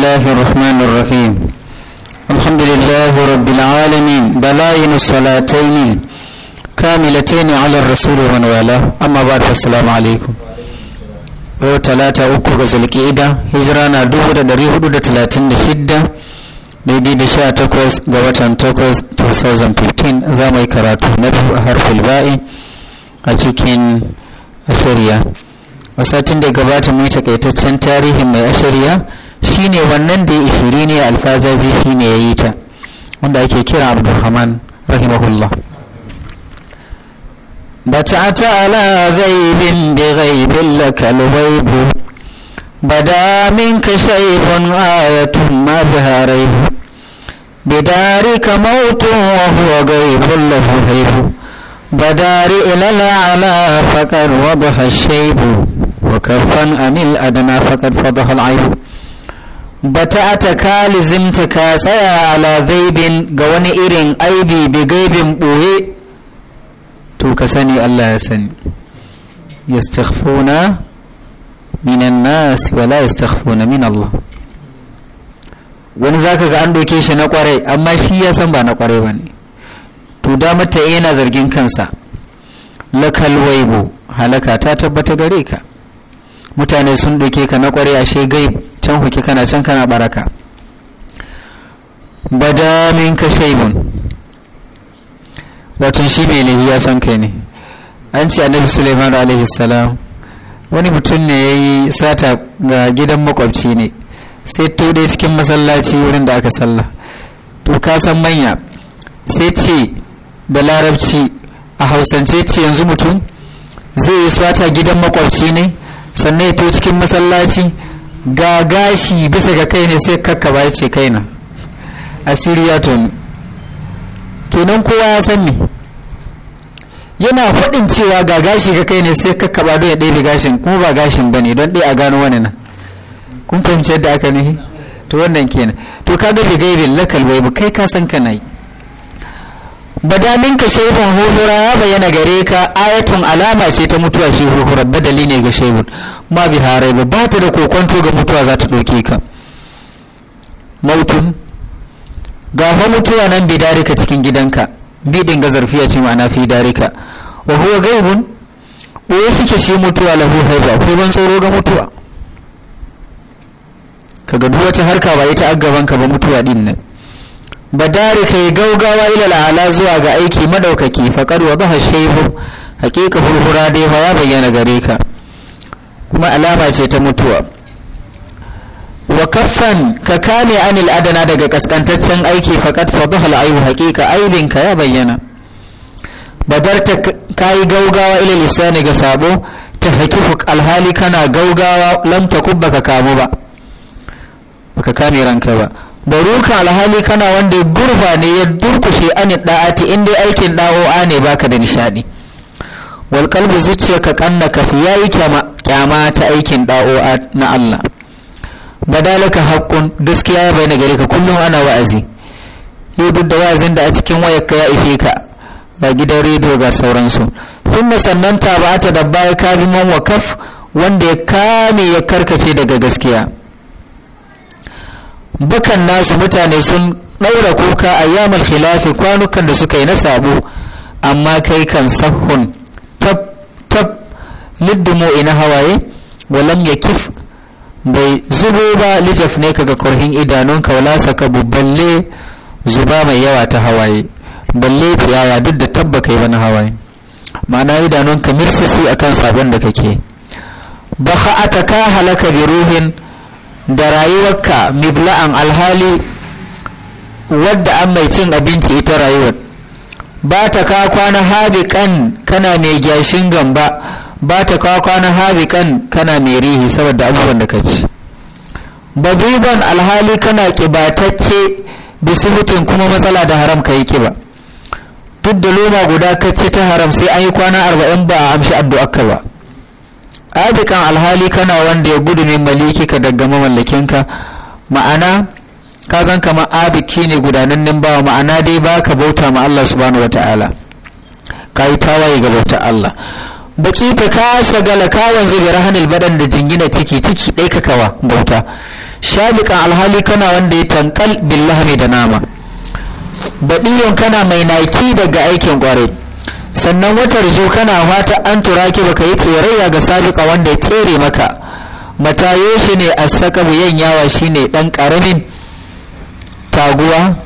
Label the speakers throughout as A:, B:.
A: الله الرحمن الرحيم الحمد لله رب العالمين بلاين الصلاتين كاملتين على الرسول ومن والاه أما بعد فالسلام عليكم yau talata uku ga zulkida hijira na dubu da dari hudu da talatin da shidda daidai da sha takwas ga watan takwas 2015 za mu yi karatu na biyu a harfin ba'i a cikin ashirya a satin da gabata mun takaitaccen tarihin mai ashirya shine wannan da ya ishiri ne alfazaji shine ya ta wanda ake kira abdulhaman rahimahullah bata ta ala zai bi ghaibin laka alwaibu bada minka shaifin ayatun ma biharaibu bi darika mautun wa huwa ghaibun lahu haibu bada ri'ila ala faqar wadha shaibu wa kafan anil adna faqad fadha al'aibu bata ta kalizimta ka tsaya ala zaibin ga wani irin aibi bi gaibin ɓoye to ka sani allah ya sani yastaghfuna minan nas wala yastaghfuna min allah wani zaka ga an doke shi na kwarai amma shi ya san ba na kwarai ba ne to damar ta yana zargin kansa lakal waibu halaka ta tabbata gare ka mutane sun doke ka na kwarai ashe gaibu can huke kana can kana baraka bada min ka shaibun watan shi mai lahi ya san kai ne an ce annabi suleiman alaihi salam wani mutum ne ya yi sata ga gidan makwabci ne sai to dai cikin masallaci wurin da aka sallah to ka san manya sai ce da larabci a hausance ce yanzu mutum zai yi sata gidan makwabci ne sannan ya to cikin masallaci ga gashi bisa ga kai ne sai kakkaba ya ce na asiri ya tonu kenan kowa ya san me yana faɗin cewa ga gashi ga kai ne sai kakkaba don ya ɗaya gashin kuma ba gashin ba ne don ɗaya a gano wani nan kun fahimci yadda aka nuhi to wannan kenan to kaga bi gairin lakal bai kai ka san na yi badaminka shehun huhura ya bayyana gare ka ayatun alama ce ta mutuwa shi huhura badali ne ga shehun ma bi harai ba ba ta da kokonto ga mutuwa za ta ɗauke ka mautun ga fa mutuwa nan bi ka cikin gidanka bidin ga zarfiya ce ma'ana fi ka wa huwa gaibun ɓoye suke shi mutuwa lahu haifa akwai ban sauro ga mutuwa kaga duk wata harka ba ita aggaban ka ba mutuwa din nan badari kai gaugawa ilal ala zuwa ga aiki madaukaki faqad wadaha shaybu haqiqa hurhura dai fa ya bayyana gare ka kuma alama ce ta mutuwa wa kaffan ka kame anil adana daga kaskantaccen aiki faqad fadaha al aybu haqiqa aibin ka ya bayyana badarta kai gaugawa ilal lisani ga sabo ta hakifu alhali kana gaugawa lam takubba ka kamu ba baka kame ranka ba baruka alhali kana wanda ya gurfa ne ya durkushe ani da'ati in dai aikin da'o'a ne baka da nishadi wal zuciya ka kanna kafi yayi kyama ta aikin da'o'a na Allah badalaka hakkun gaskiya ya bayyana gare ka kullum ana wa'azi yau duk da wa'azin da a cikin ka ya ishe ka ga gidan rediyo ga sauransu sunna sannan ta ba da baya ka bi man wakaf wanda ya kame ya karkace daga gaskiya dukan nasu mutane sun ɗaura kuka a yamal khilafi kwanukan da suka yi na sabo amma kai kan sahun tab tab liddumo ina hawaye walam ya kif bai zubo ba lijaf ne kaga kurhin idanunka wala saka balle zuba mai yawa ta hawaye balle tsiyaya duk da tabba kai wani hawaye ma'ana idanunka mirsisi akan sabon da kake ba ka halaka bi ruhin da rayuwarka mibla'an alhali wadda an mai cin abinci ita rayuwar ba ta ka kwana kan kana mai gyashin gamba ba ta ka kwana kan kana mai rihi saboda abubuwan da ka ci zuban alhali kana kibatacce bisibitin kuma matsala da haram ka yi kiba duk da loma guda kacce ta haram sai an yi kwana arba'in ba a amshi addu'arka ba abikan alhali kana wanda ya gudu maliki ka daga mamallakinka ma'ana ka zan kamar abiki ne gudanannin bawa ma'ana dai ba ka bauta ma Allah subhanahu wata'ala ka yi tawaye ga bauta Allah baki ta ka shagala ka wanzu bi rahanil badan da jingina ciki ciki dai ka kawa bauta shabikan alhali kana wanda ya tankal billahi da nama badiyon kana mai naki daga aikin ƙwarai sannan watar zo kana fata an ki baka yi tsoraya ga sabiƙa wanda ya tsere maka matayo shi ne a saka yan yawa shi ne ɗan ƙaramin taguwa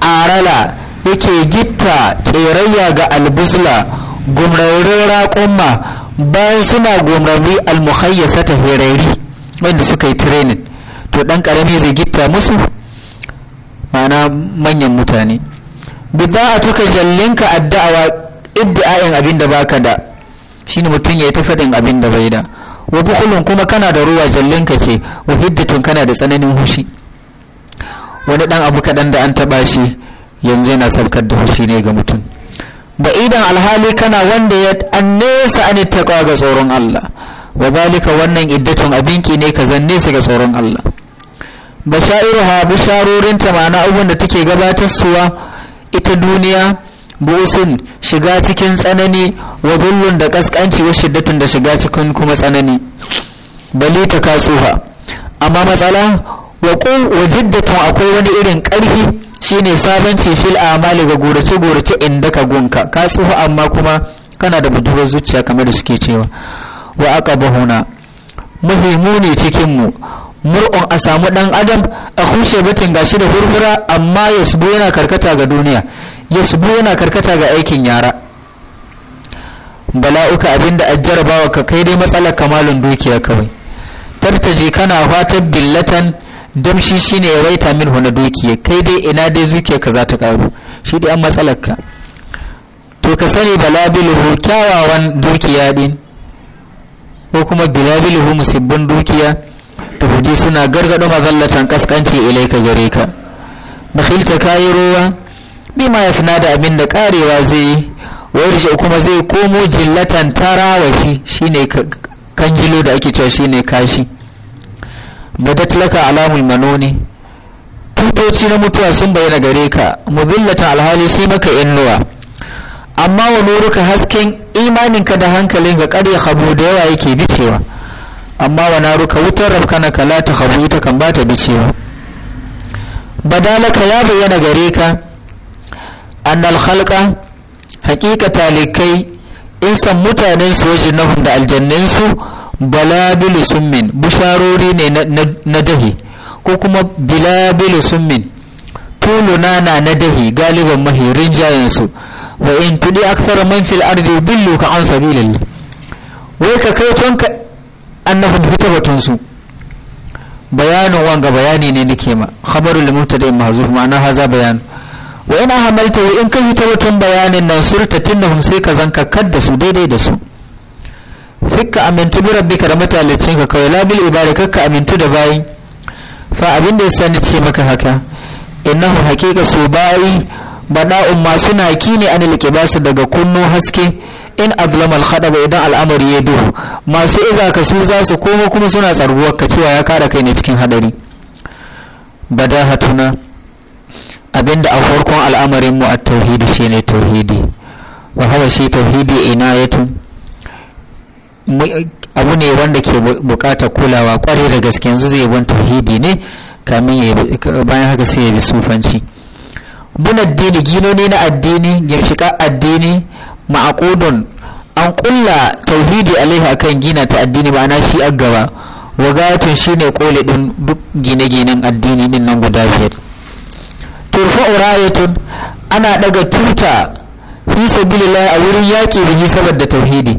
A: arala yake gitta tsoraya ga albusla gumrarrin raƙumma bayan suna gumrarri almuhayyasa ta hirari wanda suka yi training to ɗan ƙarami zai gitta musu ma'ana manyan mutane bidda a tuka jallinka addawa iddi'a'in abin da baka da shine mutum ya ta faɗin abin da bai da wa bukhulun kuma kana da ruwa jallinka ce wa hiddatun kana da tsananin hushi wani dan abu kaɗan da an taɓa shi yanzu yana saukar da hushi ne ga mutum ba idan alhali kana wanda ya annesa nesa an taƙwa ga tsoron Allah wa zalika wannan iddatun abinki ne ka zanne su ga tsoron Allah bashairuha bisharorin ta ma'ana abin da take gabatar suwa ita duniya busun shiga cikin tsanani wa da kaskanci wa shiddatun da shiga cikin kuma tsanani bali ta kasuha amma matsala wa wa jiddatun akwai wani irin karfi shine sabanci fil amali ga gorace gorace inda ka gunka kasuha amma kuma kana da budurwar zuciya kamar da suke cewa wa aqabahuna muhimmu ne cikin mu mur'un a samu dan adam a kushe batin gashi da hurhura amma yasbu yana karkata ga duniya yasbu yana karkata ga aikin yara bala'uka abinda jarabawa ka kai dai matsalar kamalin dukiya kawai tartaje kana fatan billatan damshi shine ya waita min na dukiya kai dai ina dai zuciya ka za ta karu shi dai an matsalar ka to ka sani balabiluhu kyawawan dukiya din ko kuma bilabiluhu musibbin dukiya da hudi suna gargado mazallatan kaskanci ilai ka gare ka bakhilta kayi ruwa bima ya fina da abin da karewa zai yi wayar kuma zai komo jillatan tarawashi shine kanjilo da ake cewa shine kashi badat laka alamul manoni tutoci na mutuwa sun bayyana gare ka muzillata alhali sai maka innuwa amma wa nuruka hasken imaninka da hankalin ka karya habu da yawa yake bicewa amma wa naruka wutar na kala ta habu ita kan ta bicewa badalaka ya bayyana gare ka annal khalqa hakika talikai insan mutanen su waje nahum da aljannansu balabilu summin busharori ne na dahi ko kuma bilabilu summin tuluna na na dahi galiban mahirin jayensu wa in tudi akthara man fil ardi billu ka an sabilillah wai ka kai ka tonka annahum hutabatun su bayanin wanga bayani ne nake ma khabarul mubtada mahzuf ma'ana haza bayan wa ina hamalta in ka ta watan bayanin nan surta tinnahum sai ka zanka kar da su daidai da su fikka amintu bi rabbika da matalicin ka kawai labil ibada ka amintu da bayi fa abin da yasa ni ce maka haka innahu haqiqa su bayi bada'un ma suna kine anil qibas daga kunno haske in azlama al ba idan al'amari ya duhu masu iza ka su za su koma kuma suna tsarguwar ka cewa ya kara kai ne cikin hadari badahatuna abinda a farkon al'amarin mu a tauhidi shine tauhidi wa hawa shi tauhidi ina ya tun abu ne wanda ke bukatar kulawa kwarai da gaske yanzu zai ban tauhidi ne kamin bayan haka sai ya bi sufanci bin addini ginoni na addini gimshika addini ma'akudun an kulla tauhidi alaihi akan gina ta addini ma'ana shi a gaba wagatun shine kole din duk gine-ginen addini din nan guda biyar turfa'u rayatun ana daga tuta fi sabilillah a wurin yaƙi biji saboda tauhidi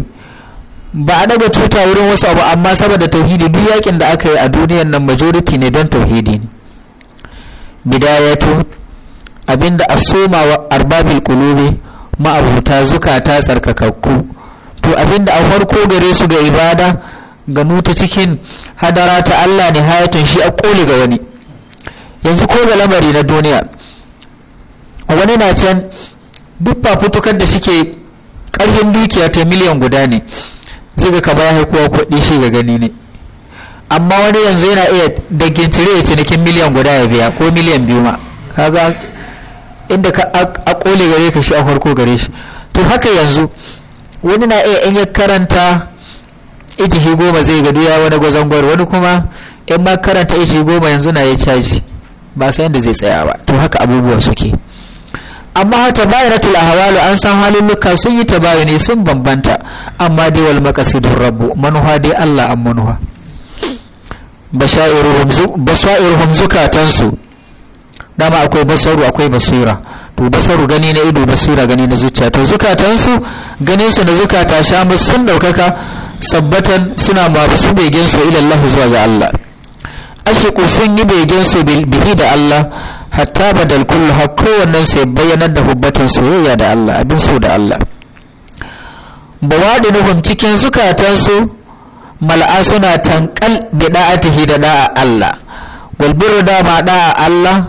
A: ba a daga tuta wurin wasu abu amma saboda tauhidi duk yakin da aka yi a duniyar nan majority ne don tauhidi ne bidayatu abinda a soma wa arbabil kulube ma'abuta zukata tsarkakakku to abinda a farko gare su ga ibada ga nuta cikin hadara ta Allah ne hayatun shi a koli ga wani yanzu ko ga lamari na duniya wani na can duk fafutukar da shike ƙarfin dukiya ta miliyan guda ne zai ga kamar ya kowa kuɗi shi ga gani ne amma wani yanzu yana iya gintire ya cinikin miliyan guda ya biya ko miliyan biyu ma kaga inda ka a kole gare ka shi a farko gare shi to haka yanzu wani na iya in ya karanta ijihi goma zai ga duya wani gwazangwar wani kuma in ma karanta ijihi goma yanzu na ya caji ba sai yadda zai tsaya ba to haka abubuwan suke amma hata bayanatul ahwalu an san halin luka sun yi tabayuni sun bambanta amma dai wal maqasidur rabbu manuha dai Allah an manuha basairuhum zukatansu dama akwai basaru akwai basira to basaru gani na ido basira gani na zuciya to zukatansu ganin su na zukata sha sun daukaka sabbatan suna su begen su ila Allah zuwa ga Allah ashiku sun yi begen su bihi da Allah hatta badal kullu har kowannen sai bayyanar da hubbatin soyayya da Allah abin so da Allah bawaɗinuhum cikin su mal'a suna tankal bi da'atihi da da'a Allah walbiru da ma da'a Allah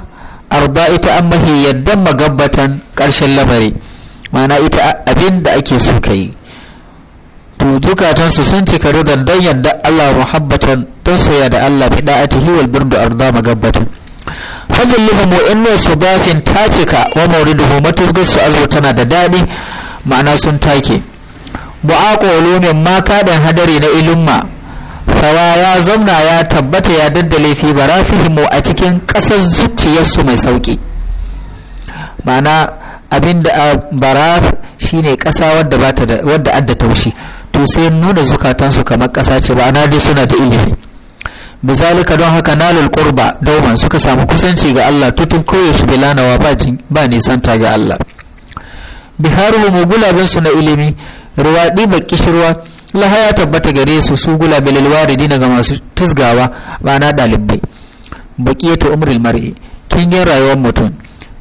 A: arda ita an mahi yadda magabbatan karshen lamari mana ita abin da ake so kai to to su sun cika rudan don yadda Allah muhabbatan don soya da Allah bi da'atihi walbiru da arda magabbatan fajin lihumu inna su dafin tacika wa mauriduhu matusgar su azo tana da daɗi ma'ana sun take bu'aƙo ne ma kaɗin hadari na ilimma rawa ya zamna ya tabbata ya daddale fi barafihimu a cikin ƙasar zuciyarsu mai sauƙi ma'ana abinda a shi shine ƙasa wadda adda taushi to sai nuna zukatansu kamar ƙasa ce ba na dai suna da ilimi bizalika don haka nalul qurba dauman suka samu kusanci ga Allah tutun koyaushe bilanawa ba ba nisanta ga Allah biharu bin su na ilimi ruwaɗi ba kishirwa lahaya ya tabbata gare su su gula bililwaridi ga masu tusgawa na ɗalibai baƙiyatu umril mar'i kingin rayuwar mutum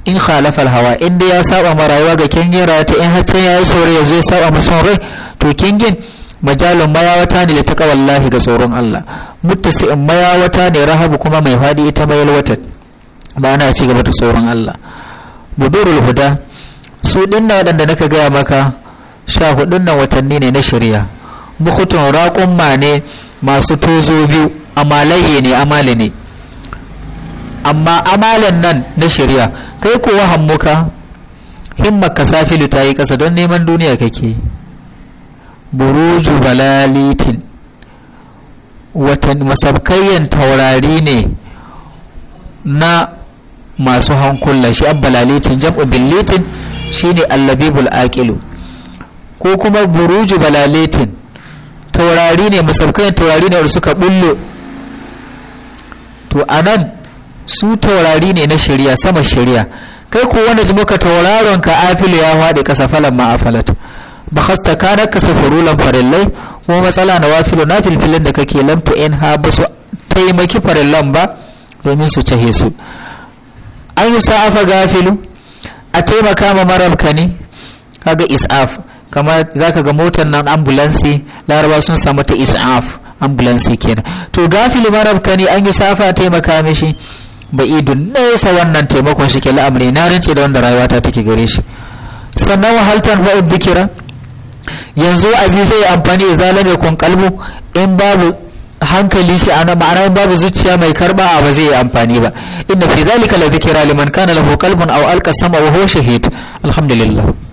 A: in khalafa hawa inda ya saba ma rayuwa ga kingin rayuwa ta in hatta ya yi sore ya zai saba ma rai to kingin majalon mayawata ne ta wallahi ga tsoron Allah muttasi'in mayawata ne rahabu kuma mai fadi ita ba ma'ana ci gaba da tsoron Allah budurul huda su dinna waɗanda naka gaya maka sha hudun nan watanni ne na shirya mukhutun raƙun ma ne masu tozo biyu amalaye ne amali ne amma amalan nan na shirya kai kuwa hammuka himmar ka safilu ta yi ƙasa don neman duniya kake ke. buruju balalitin watan masabkayyan taurari ne na masu hankula shi abbalalitin jam'u billitin shine allabibul aqilu ko kuma buruju balalitin taurari ne masaukain taurari ne wanda suka bullo to anan su taurari ne na shirya sama shirya kai ko wanda ji tauraron ka afilu ya faɗi ƙasa falon ma afalata ba hasta ka raka safarulan farillai kuma matsala na wafilu na filfilin da kake lamta in ha ba su taimaki farillan ba domin su cahe su an yi sa'afa gafilu a taimaka ma marabka ne kaga is'af kamar ka ga motar nan ambulansi laraba sun samu ta is'af ambulansi kenan to gafilu marabka ne an yi sa'afa a taimaka mishi ba'idun nesa wannan taimakon shi ke la'amari na rince da wanda rayuwa ta take gare shi sannan wahaltar ba'ud bikira yanzu aziz zai amfani ya zalame kun kalbu in babu hankali shi a ma'ana babu zuciya mai karba ba zai yi amfani ba inna fi zalika la dhikra liman kana lahu qalbun aw alqa sam'a wa huwa shahid alhamdulillah